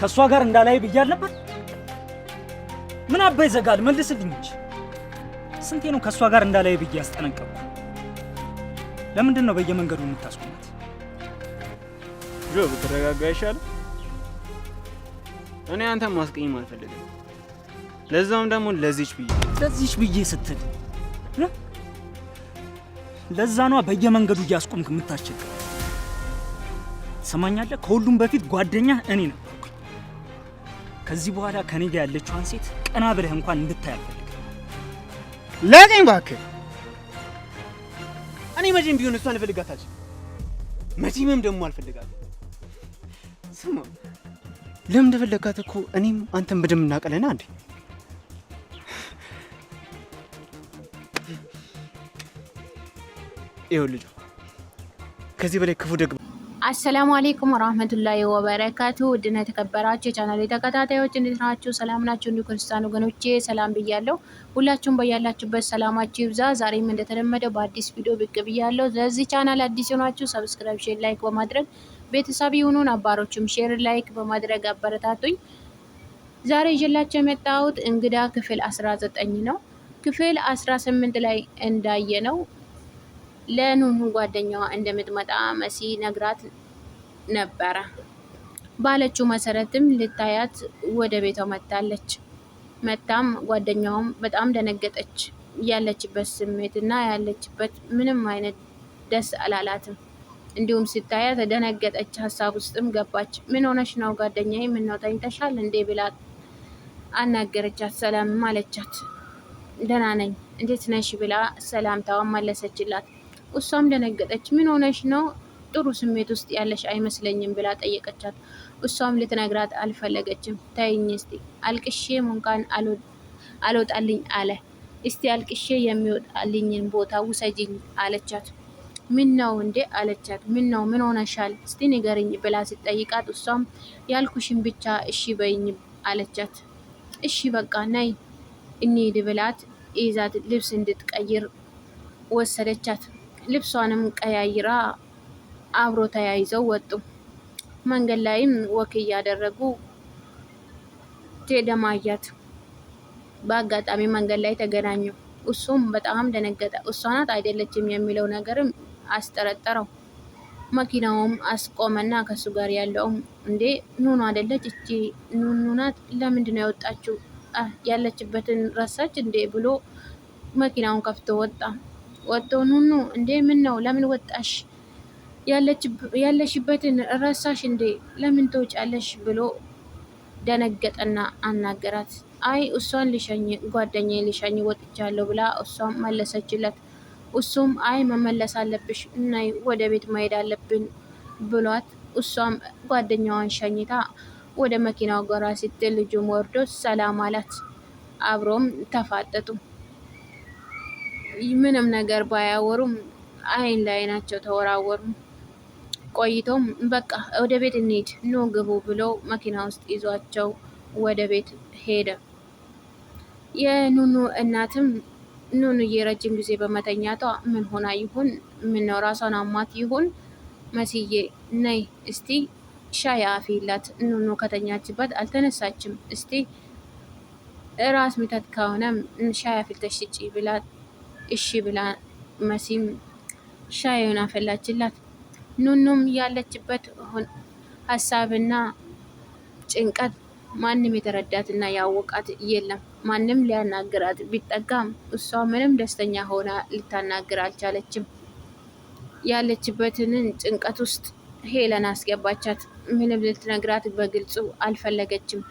ከእሷ ጋር እንዳላይ ብዬ አልነበር? ምን አባ ይዘጋል? መልስልኝ እንጂ ስንቴ ነው ከእሷ ጋር እንዳላይ ብዬ ያስጠነቀቁ? ለምንድን ነው በየመንገዱ የምታስቆማት? ጆ ብትረጋጋ እኔ አንተን ማስቀኝ አልፈልግም። ለዛውም ደግሞ ለዚች ብዬ ለዚች ብዬ ስትል ለዛ ነዋ በየመንገዱ እያስቆምክ የምታስቸግር። ትሰማኛለህ? ከሁሉም በፊት ጓደኛ እኔ ነው። ከዚህ በኋላ ከኔ ጋር ያለችዋን ሴት ቀና ብለህ እንኳን እንድታይ አልፈልግም። ለቀኝ እባክህ። እኔ መቼም ቢሆን እሷን ልፈልጋታች መቼምም ደግሞ አልፈልጋት። ስማ ለምን እንደፈለጋት እኮ እኔም አንተን በደንብ እናውቃለን። አንዴ ይኸው ልጅ ከዚህ በላይ ክፉ ደግሞ አሰላሙ አሌይኩም ወራህመቱላሂ ወበረካቱ። ውድና የተከበራችሁ የቻናል ተከታታዮች እንዴት ናችሁ? ሰላም ናችሁ? እንዲሁ ክርስቲያን ወገኖቼ ሰላም ብያለሁ። ሁላችሁም በያላችሁበት ሰላማችሁ ይብዛ። ዛሬም እንደተለመደው በአዲስ ቪዲዮ ብቅ ብያለሁ። ለዚህ ቻናል አዲስ የሆናችሁ ሰብስክራይብ፣ ሼር፣ ላይክ በማድረግ ቤተሰብ ይሁኑን። ነባሮችም ሼር ላይክ በማድረግ አበረታቱኝ። ዛሬ ይዤላችሁ የመጣሁት እንግዳ ክፍል 19 ነው። ክፍል 18 ላይ እንዳየ ነው ለኑኑ ጓደኛዋ እንደምትመጣ መሲ ነግራት ነበረ። ባለችው መሰረትም ልታያት ወደ ቤቷ መታለች። መታም ጓደኛውም በጣም ደነገጠች። ያለችበት ስሜት እና ያለችበት ምንም አይነት ደስ አላላትም። እንዲሁም ስታያት ደነገጠች፣ ሀሳብ ውስጥም ገባች። ምን ሆነች ነው ጓደኛዬ? ነው ተኝተሻል እንዴ ብላ አናገረቻት። ሰላም ማለቻት። ደህና ነኝ እንዴት ነሽ ብላ ሰላምታዋን መለሰችላት። እሷም ደነገጠች። ምን ሆነሽ ነው? ጥሩ ስሜት ውስጥ ያለሽ አይመስለኝም ብላ ጠየቀቻት። እሷም ልትነግራት አልፈለገችም። ታይኝ እስቲ አልቅሼ ሙንካን አልወጣልኝ አለ። እስቲ አልቅሼ የሚወጣልኝን ቦታ ውሰጅኝ አለቻት። ምን ነው እንዴ አለቻት። ምን ነው ምን ሆነሻል? እስቲ ንገርኝ ብላ ሲጠይቃት እሷም ያልኩሽን ብቻ እሺ በይኝ አለቻት። እሺ በቃ ነይ እንሂድ ብላት ይዛት ልብስ እንድትቀይር ወሰደቻት። ልብሷንም ቀያይራ አብሮ ተያይዘው ወጡ። መንገድ ላይም ወክ እያደረጉ ቴደማያት በአጋጣሚ መንገድ ላይ ተገናኙ። እሱም በጣም ደነገጠ። እሷ ናት አይደለችም የሚለው ነገርም አስጠረጠረው። መኪናውም አስቆመና ከሱ ጋር ያለውም እንዴ ኑኑ አይደለች እቺ ኑኑ ናት፣ ለምንድን ነው የወጣችው? ያለችበትን ረሳች እንዴ ብሎ መኪናውን ከፍቶ ወጣ። ወጥተው እንዴ ምን ነው ለምን ወጣሽ? ያለሽበትን ረሳሽ እንዴ ለምን ትወጫለሽ? ብሎ ደነገጠና አናገራት። አይ እሷን ልሸኝ ጓደኛ ልሸኝ ወጥቻለሁ ብላ እሷም መለሰችለት። እሱም አይ መመለስ አለብሽ እናይ ወደ ቤት መሄድ አለብን ብሏት እሷም ጓደኛዋን ሸኝታ ወደ መኪናው ጎራ ስትል ልጁም ወርዶ ሰላም አላት። አብሮም ተፋጠጡ። ምንም ነገር ባያወሩም አይን ለአይናቸው ተወራወሩ። ቆይቶም በቃ ወደ ቤት እንሂድ ኖ ግቡ ብሎ መኪና ውስጥ ይዟቸው ወደ ቤት ሄደ። የኑኑ እናትም ኑኑዬ ረጅም ጊዜ በመተኛቷ ምን ሆና ይሁን? ነው ራሷን አሟት ይሁን? መስዬ ነይ እስቲ ሻይ አፊላት ኑኑ ከተኛችበት አልተነሳችም። እስቲ ራስ ምታት ከሆነም ሻይ አፍልተሽ ብላት እሺ ብላ መሲም ሻዩን አፈላችላት። ኑኑም ያለችበት ሀሳብና ጭንቀት ማንም የተረዳትና ያወቃት የለም። ማንም ሊያናግራት ቢጠጋም እሷ ምንም ደስተኛ ሆና ልታናግር አልቻለችም። ያለችበትን ጭንቀት ውስጥ ሄለን አስገባቻት። ምንም ልትነግራት በግልጹ አልፈለገችም።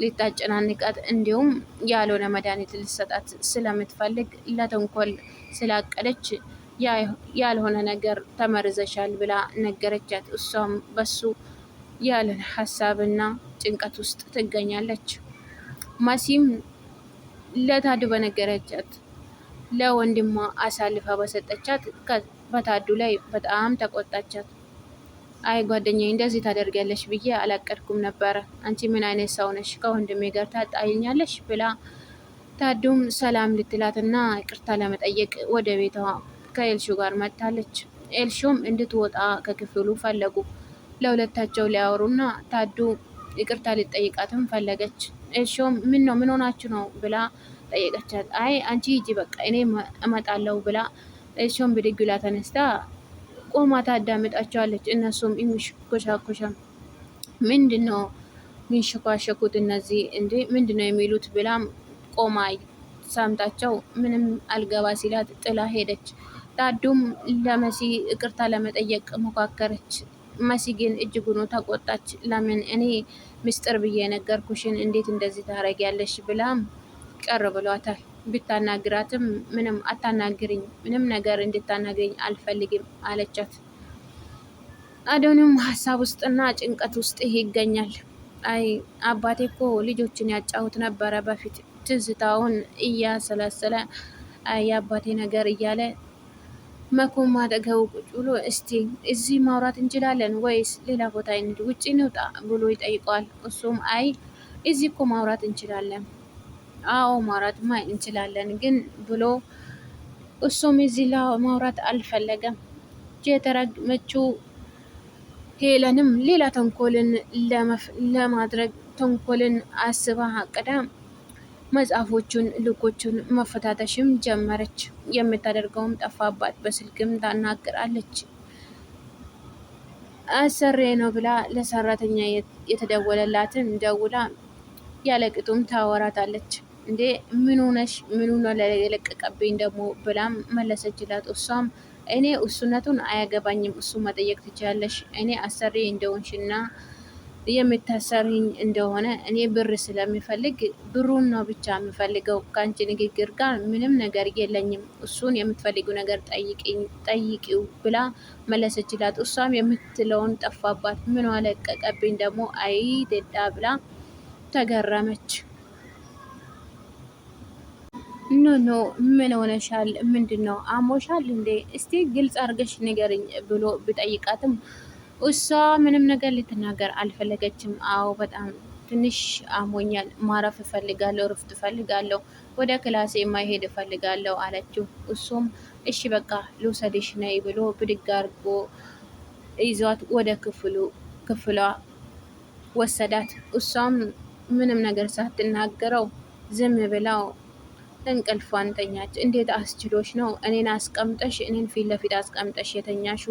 ልታጨናንቃት እንዲሁም ያልሆነ መድኃኒት ልሰጣት ስለምትፈልግ ለተንኮል ስላቀደች ያልሆነ ነገር ተመርዘሻል ብላ ነገረቻት። እሷም በሱ ያለን ሀሳብና ጭንቀት ውስጥ ትገኛለች። መሲም ለታዱ በነገረቻት ለወንድሟ አሳልፋ በሰጠቻት በታዱ ላይ በጣም ተቆጣቻት። አይ ጓደኛ እንደዚህ ታደርጊያለሽ ብዬ አላቀድኩም ነበረ። አንቺ ምን አይነት ሰው ነሽ? ከወንድሜ ጋር ታጣይኛለሽ ብላ ታዱም ሰላም ልትላትና ቅርታ ለመጠየቅ ወደ ቤቷ ከኤልሹ ጋር መጥታለች። ኤልሹም እንድትወጣ ከክፍሉ ፈለጉ። ለሁለታቸው ሊያወሩና ታዱ ይቅርታ ልጠይቃትም ፈለገች። ኤልሹም ምን ነው ምን ሆናችሁ ነው ብላ ጠየቀቻት። አይ አንቺ ሂጂ በቃ እኔ እመጣለሁ ብላ ኤልሹም ብድግላ ተነስታ ቆማ ታዳምጣቸዋለች። እነሱም የሚንኮሻኮሻ ምንድን ነው የሚንሸኳሸኩት እነዚህ እንዲ ምንድን ነው የሚሉት ብላም ቆማ ሳምጣቸው ምንም አልገባ ሲላት ጥላ ሄደች። ዳዱም ለመሲ እቅርታ ለመጠየቅ ሞካከረች። መሲ ግን እጅጉኑ ተቆጣች። ለምን እኔ ምስጢር ብዬ ነገርኩሽን እንዴት እንደዚህ ታረጊያለሽ? ብላም ቀር ብሏታል። ብታናግራትም ምንም አታናግርኝ፣ ምንም ነገር እንድታናግርኝ አልፈልግም አለቻት። አደንም ሀሳብ ውስጥና ጭንቀት ውስጥ ይገኛል። አይ አባቴ እኮ ልጆችን ያጫውት ነበረ በፊት ትዝታውን እያሰላሰለ የአባቴ ነገር እያለ መኮም አጠገቡ ቁጭ ብሎ እስቲ እዚህ ማውራት እንችላለን ወይስ ሌላ ቦታ እንሂድ፣ ውጭ እንውጣ ብሎ ይጠይቀዋል። እሱም አይ እዚህ እኮ ማውራት እንችላለን አዎ ማይ እንችላለን ግን ብሎ እሱም እዚህ ማውራት አልፈለገም። የተረገመችው ሄለንም ሌላ ተንኮልን ለማድረግ ተንኮልን አስባ አቅዳ መጽሐፎቹን ልኮቹን መፈታተሽም ጀመረች። የምታደርገውም ጠፋባት። በስልክም ታናግራለች። አሰሬ ነው ብላ ለሰራተኛ የተደወለላትን ደውላ ያለቅጡም ታወራታለች። እንዴ ምን ሆነሽ? ምን ሆነ ለለቀቀብኝ ደግሞ ብላም መለሰችላት። እሷም እኔ እሱነቱን አያገባኝም፣ እሱ መጠየቅ ትችላለሽ። እኔ አሰሪ እንደሆንሽና የምታሰርኝ እንደሆነ እኔ ብር ስለሚፈልግ ብሩን ነው ብቻ የምፈልገው። ከአንቺ ንግግር ጋር ምንም ነገር የለኝም። እሱን የምትፈልጊው ነገር ጠይቂው ብላ መለሰችላት። እሷም የምትለውን ጠፋባት። ምን ለቀቀብኝ ደግሞ አይ ደዳ ብላ ተገረመች። ኖ ኖ ምን ሆነሻል? ምንድን ነው አሞሻል እንዴ? እስቲ ግልጽ አድርገሽ ንገርኝ ብሎ ብጠይቃትም እሷ ምንም ነገር ልትናገር አልፈለገችም። አዎ በጣም ትንሽ አሞኛል፣ ማረፍ እፈልጋለሁ፣ ርፍት እፈልጋለሁ፣ ወደ ክላሴ ማሄድ እፈልጋለሁ አለችው። እሱም እሺ በቃ ልውሰድሽ ነይ ብሎ ብድግ አድርጎ ይዟት ወደ ክፍሉ ክፍሏ ወሰዳት። እሷም ምንም ነገር ሳትናገረው ዝም ብላው እንቅልፍ ተኛች። እንዴት አስችሎች ነው እኔን አስቀምጠሽ እኔን ፊት ለፊት አስቀምጠሽ የተኛሹ?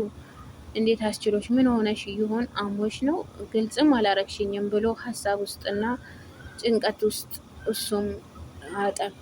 እንዴት አስችሎች? ምን ሆነሽ ይሆን? አሞሽ ነው? ግልጽም አላረግሽኝም ብሎ ሀሳብ ውስጥና ጭንቀት ውስጥ እሱም አጠብ